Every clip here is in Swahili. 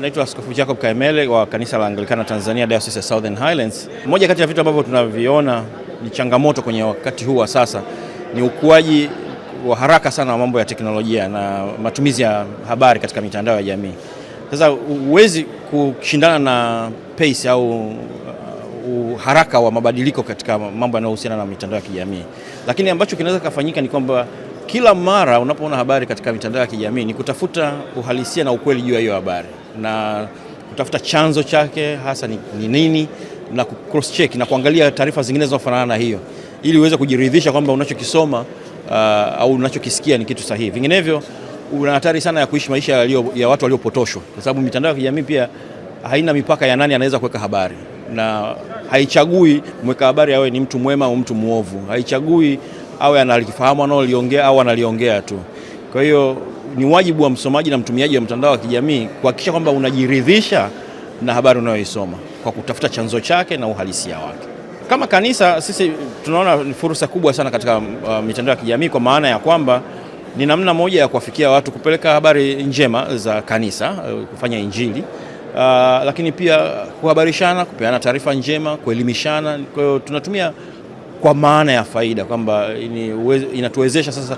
Naitwa Askofu Jacob Kaemele wa kanisa la Anglikana Tanzania, Diocese ya Southern Highlands. Moja kati ya vitu ambavyo tunaviona ni changamoto kwenye wakati huu wa sasa ni ukuaji wa haraka sana wa mambo ya teknolojia na matumizi ya habari katika mitandao ya jamii. Sasa huwezi kushindana na pace au uharaka uh, wa mabadiliko katika mambo yanayohusiana na mitandao ya kijamii, lakini ambacho kinaweza kufanyika ni kwamba kila mara unapoona habari katika mitandao ya kijamii ni kutafuta uhalisia na ukweli juu ya hiyo habari na kutafuta chanzo chake hasa ni, ni nini na cross check na kuangalia taarifa zingine zinazofanana na hiyo ili uweze kujiridhisha kwamba unachokisoma uh, au unachokisikia ni kitu sahihi. Vinginevyo una hatari sana ya kuishi maisha ya, ya watu waliopotoshwa, kwa sababu mitandao ya kijamii pia haina mipaka ya nani anaweza kuweka habari, na haichagui mweka habari awe ni mtu mwema au mtu mwovu, haichagui awe analifahamu analoliongea au analiongea tu. Kwa hiyo ni wajibu wa msomaji na mtumiaji wa mtandao wa kijamii kuhakikisha kwamba unajiridhisha na habari unayoisoma kwa kutafuta chanzo chake na uhalisia wake. Kama kanisa sisi tunaona ni fursa kubwa sana katika uh, mitandao ya kijamii kwa maana ya kwamba ni namna moja ya kuwafikia watu, kupeleka habari njema za kanisa, uh, kufanya Injili uh, lakini pia kuhabarishana, kupeana taarifa njema, kuelimishana. Kwa hiyo tunatumia kwa maana ya faida kwamba inatuwezesha sasa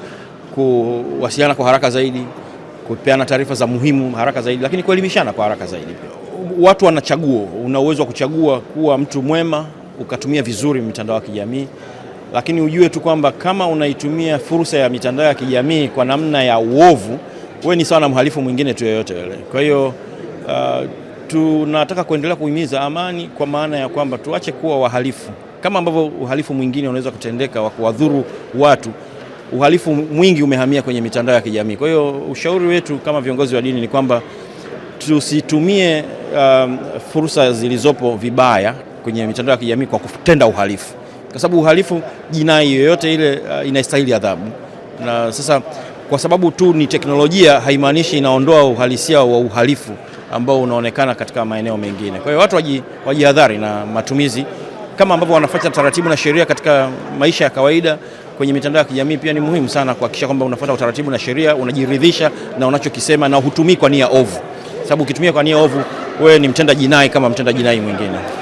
kuwasiliana kwa haraka zaidi, kupeana taarifa za muhimu haraka zaidi, lakini kuelimishana kwa haraka zaidi. Watu wanachagua, una uwezo wa kuchagua kuwa mtu mwema ukatumia vizuri mitandao ya kijamii, lakini ujue tu kwamba kama unaitumia fursa ya mitandao ya kijamii kwa namna ya uovu, wewe ni sawa na mhalifu mwingine tu yoyote yule. Kwa hiyo uh, tunataka kuendelea kuhimiza amani kwa maana ya kwamba tuache kuwa wahalifu, kama ambavyo uhalifu mwingine unaweza kutendeka wa kuwadhuru watu uhalifu mwingi umehamia kwenye mitandao ya kijamii. Kwa hiyo ushauri wetu kama viongozi wa dini ni kwamba tusitumie um, fursa zilizopo vibaya kwenye mitandao ya kijamii kwa kutenda uhalifu, kwa sababu uhalifu, jinai yoyote ile uh, inastahili adhabu. Na sasa kwa sababu tu ni teknolojia, haimaanishi inaondoa uhalisia wa uhalifu ambao unaonekana katika maeneo mengine. Kwa hiyo watu wajihadhari na matumizi, kama ambavyo wanafuata taratibu na sheria katika maisha ya kawaida kwenye mitandao ya kijamii pia ni muhimu sana kuhakikisha kwamba unafuata utaratibu na sheria, unajiridhisha na unachokisema na hutumii kwa nia ovu, sababu ukitumia kwa nia ovu wewe ni mtenda jinai kama mtenda jinai mwingine.